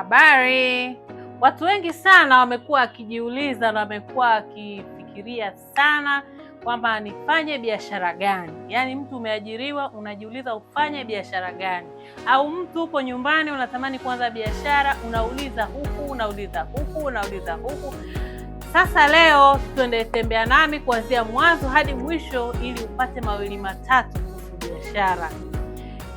Habari. Watu wengi sana wamekuwa wakijiuliza na wamekuwa wakifikiria sana kwamba nifanye biashara gani? Yaani, mtu umeajiriwa, unajiuliza ufanye biashara gani? Au mtu upo nyumbani, unatamani kuanza biashara, unauliza huku, unauliza huku, unauliza huku. Sasa leo tuende, tembea nami kuanzia mwanzo hadi mwisho, ili upate mawili matatu kuhusu biashara.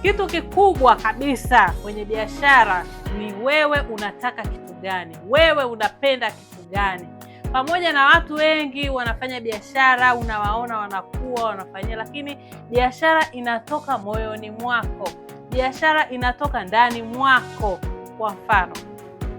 Kitu kikubwa kabisa kwenye biashara ni wewe unataka kitu gani, wewe unapenda kitu gani. Pamoja na watu wengi wanafanya biashara, unawaona wanakuwa wanafanyia, lakini biashara inatoka moyoni mwako, biashara inatoka ndani mwako. Kwa mfano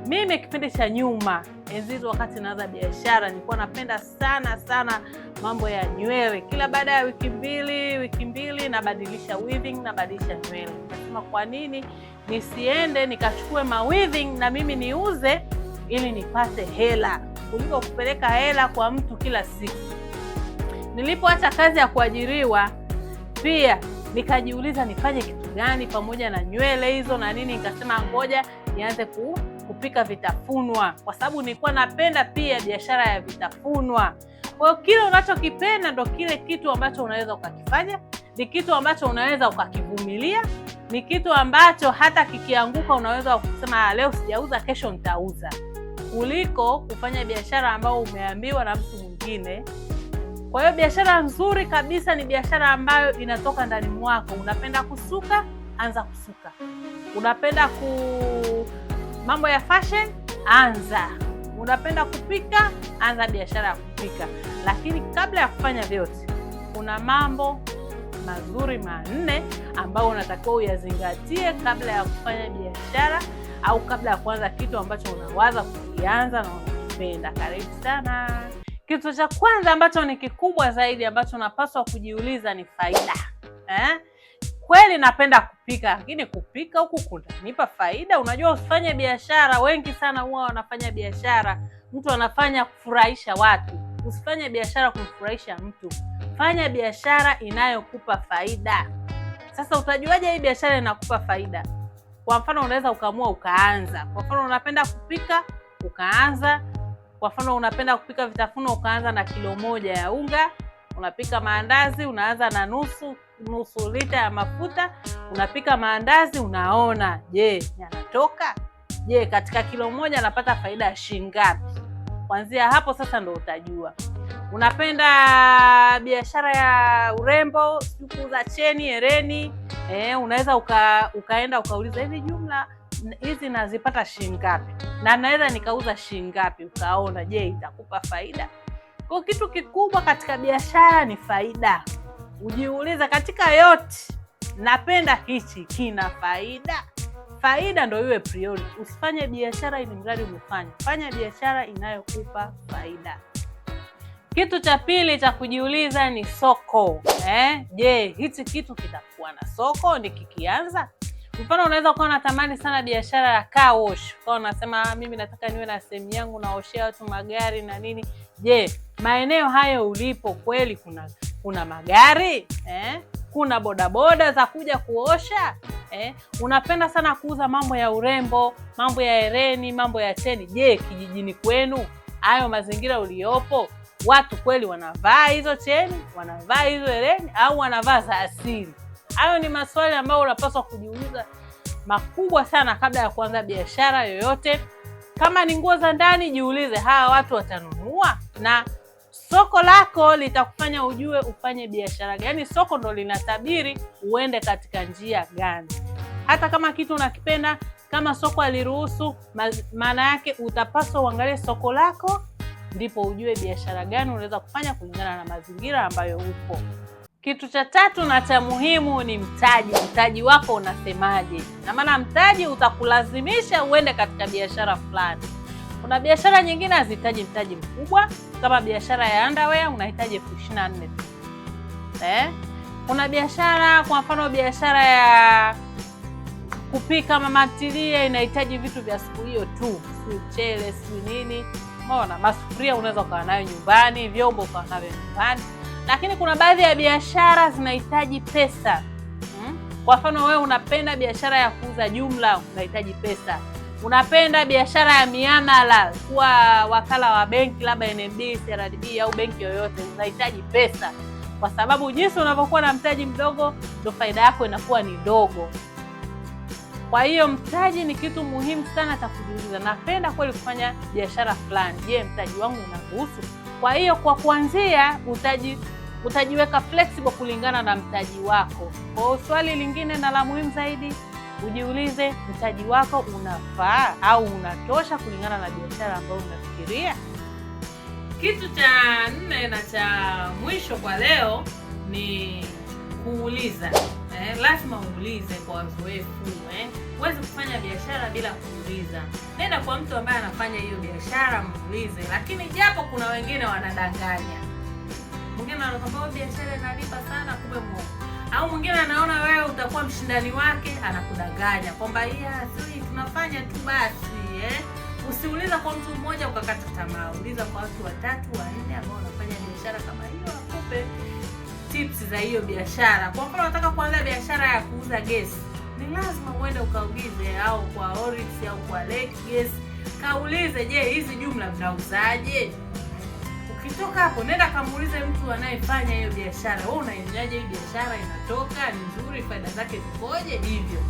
mimi kipindi cha nyuma, enzi hizo, wakati naanza biashara, nilikuwa napenda sana sana mambo ya nywele. Kila baada ya wiki mbili wiki mbili nabadilisha weaving, nabadilisha nywele. Nikasema kwa nini nisiende nikachukue ma weaving na mimi niuze ili nipate hela kuliko kupeleka hela kwa mtu kila siku. Nilipoacha kazi ya kuajiriwa, pia nikajiuliza nifanye kitu gani pamoja na nywele hizo na nini. Nikasema ngoja nianze ku kupika vitafunwa, kwa sababu nilikuwa napenda pia biashara ya vitafunwa. Kwa hiyo kile unachokipenda ndo kile kitu ambacho unaweza ukakifanya, ni kitu ambacho unaweza ukakivumilia, ni kitu ambacho hata kikianguka unaweza kusema ah, leo sijauza, kesho nitauza, kuliko kufanya biashara ambayo umeambiwa na mtu mwingine. Kwa hiyo biashara nzuri kabisa ni biashara ambayo inatoka ndani mwako. Unapenda kusuka, anza kusuka. Unapenda ku Mambo ya fashion, anza. Unapenda kupika, anza biashara ya kupika. Lakini kabla ya kufanya vyote, kuna mambo mazuri manne ambayo unatakiwa uyazingatie kabla ya kufanya biashara au kabla ya kuanza kitu ambacho unawaza kukianza na unakipenda. Karibu sana. Kitu cha kwanza ambacho ni kikubwa zaidi ambacho unapaswa kujiuliza ni faida eh? Kweli napenda kupika, lakini kupika huku kunanipa faida. Unajua, usifanye biashara. Wengi sana huwa wanafanya biashara, mtu anafanya kufurahisha watu. Usifanye biashara kumfurahisha mtu, fanya biashara inayokupa faida. Sasa utajuaje hii biashara inakupa faida? Kwa mfano, unaweza ukaamua ukaanza, kwa mfano unapenda kupika ukaanza, kwa mfano unapenda kupika vitafuno ukaanza na kilo moja ya unga Unapika maandazi, unaanza na nusu nusu lita ya mafuta. Unapika maandazi, unaona je, yanatoka? Je, katika kilo moja napata faida ya shilingi ngapi? Kuanzia hapo sasa ndo utajua unapenda biashara ya urembo, siku za cheni, ereni E, eh, unaweza uka, ukaenda ukauliza hivi, jumla hizi nazipata shilingi ngapi na naweza nikauza shilingi ngapi? Ukaona je itakupa faida. Kwa kitu kikubwa katika biashara ni faida. ujiuliza katika yote napenda hichi, kina faida? Faida ndo iwe priori, Usifanye biashara ili mradi umefanya, fanya biashara inayokupa faida. Kitu cha pili cha kujiuliza ni soko. Eh, je, hichi kitu kitakuwa na soko nikikianza? Mfano, unaweza ukawa unatamani sana biashara ya car wash, ukawa unasema ah, mimi nataka niwe na sehemu yangu naoshea watu magari na nini. Je, maeneo hayo ulipo kweli kuna kuna magari eh? Kuna bodaboda za kuja kuosha eh? Unapenda sana kuuza mambo ya urembo, mambo ya hereni, mambo ya cheni. Je, kijijini kwenu hayo mazingira uliyopo watu kweli wanavaa hizo cheni, wanavaa hizo hereni au wanavaa za asili? Hayo ni maswali ambayo unapaswa kujiuliza makubwa sana kabla ya kuanza biashara yoyote. Kama ni nguo za ndani, jiulize hawa watu watanunua na soko lako litakufanya ujue ufanye biashara gani. Yaani soko ndo linatabiri uende katika njia gani. Hata kama kitu unakipenda, kama soko aliruhusu, maana yake utapaswa uangalie soko lako, ndipo ujue biashara gani unaweza kufanya kulingana na mazingira ambayo upo. Kitu cha tatu na cha muhimu ni mtaji. Mtaji wako unasemaje? Na maana mtaji utakulazimisha uende katika biashara fulani. Kuna biashara nyingine hazihitaji mtaji mkubwa kama biashara ya underwear unahitaji elfu ishirini na nne tu eh? Kuna biashara kwa mfano biashara ya kupika mamatilie inahitaji vitu vya siku hiyo tu, si mchele si nini, umeona. Masufuria unaweza ukawa nayo nyumbani, vyombo ukawa navyo nyumbani, lakini kuna baadhi ya biashara zinahitaji pesa hmm? Kwa mfano wewe unapenda biashara ya kuuza jumla, unahitaji pesa unapenda biashara ya miamala, kuwa wakala wa benki labda NMB, CRDB au benki yoyote, unahitaji pesa, kwa sababu jinsi unavyokuwa na mtaji mdogo ndio faida yako inakuwa ni dogo. Kwa hiyo mtaji ni kitu muhimu sana cha kujiuliza, napenda kweli kufanya biashara fulani, je, mtaji wangu unaruhusu? Kwa hiyo kwa kuanzia utaji utajiweka flexible kulingana na mtaji wako. Kwa swali lingine na la muhimu zaidi Ujiulize, mtaji wako unafaa au unatosha kulingana na biashara ambayo unafikiria? Kitu cha nne na cha mwisho kwa leo ni kuuliza. Eh, lazima uulize kwa wazoefu eh. Huwezi kufanya biashara bila kuuliza. Nenda kwa mtu ambaye anafanya hiyo biashara, muulize. Lakini japo kuna wengine wanadanganya, mwingine anakwambia oh, biashara inalipa sana, kumbe au mwingine anaona wewe utakuwa mshindani wake, anakudanganya kwamba hii tunafanya tu basi eh? Usiuliza kwa mtu mmoja ukakata tamaa, uliza kwa watu watatu wanne ambao wanafanya biashara kama hiyo, akupe tips za hiyo biashara. Kwa mfano, unataka kuanza biashara ya kuuza gesi, ni lazima uende ukaulize, au kwa Orix au kwa Lake Gesi, kaulize, je, hizi jumla mnauzaje? Ukitoka hapo nenda kamuulize mtu anayefanya hiyo biashara, wewe unaendeleaje hii biashara, inatoka ni nzuri, faida zake zikoje? Hivyo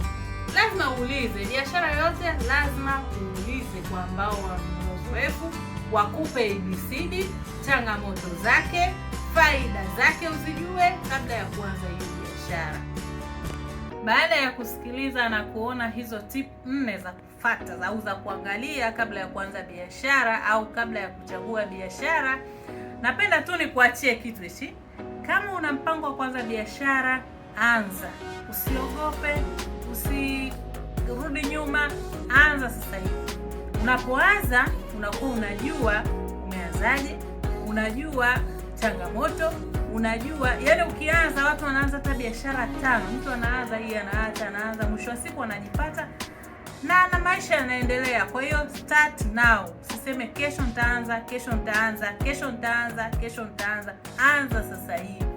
lazima uulize. Biashara yote lazima uulize kwa ambao wana uzoefu, wakupe ibisidi, changamoto zake, faida zake uzijue kabla ya kuanza hiyo biashara. Baada ya kusikiliza na kuona hizo tip nne za kufata au za kuangalia kabla ya kuanza biashara au kabla ya kuchagua biashara, napenda tu nikuachie kitu hichi. Kama una mpango wa kuanza biashara, anza, usiogope, usirudi nyuma, anza sasa hivi. Unapoanza unakuwa unajua umeanzaje, unajua changamoto unajua, yani ukianza watu wanaanza hata biashara tano, mtu anaanza hii anaacha anaanza, mwisho wa siku anajipata na na maisha yanaendelea. Kwa hiyo start now, siseme kesho nitaanza, kesho nitaanza, kesho nitaanza, kesho nitaanza. Anza sasa hivi.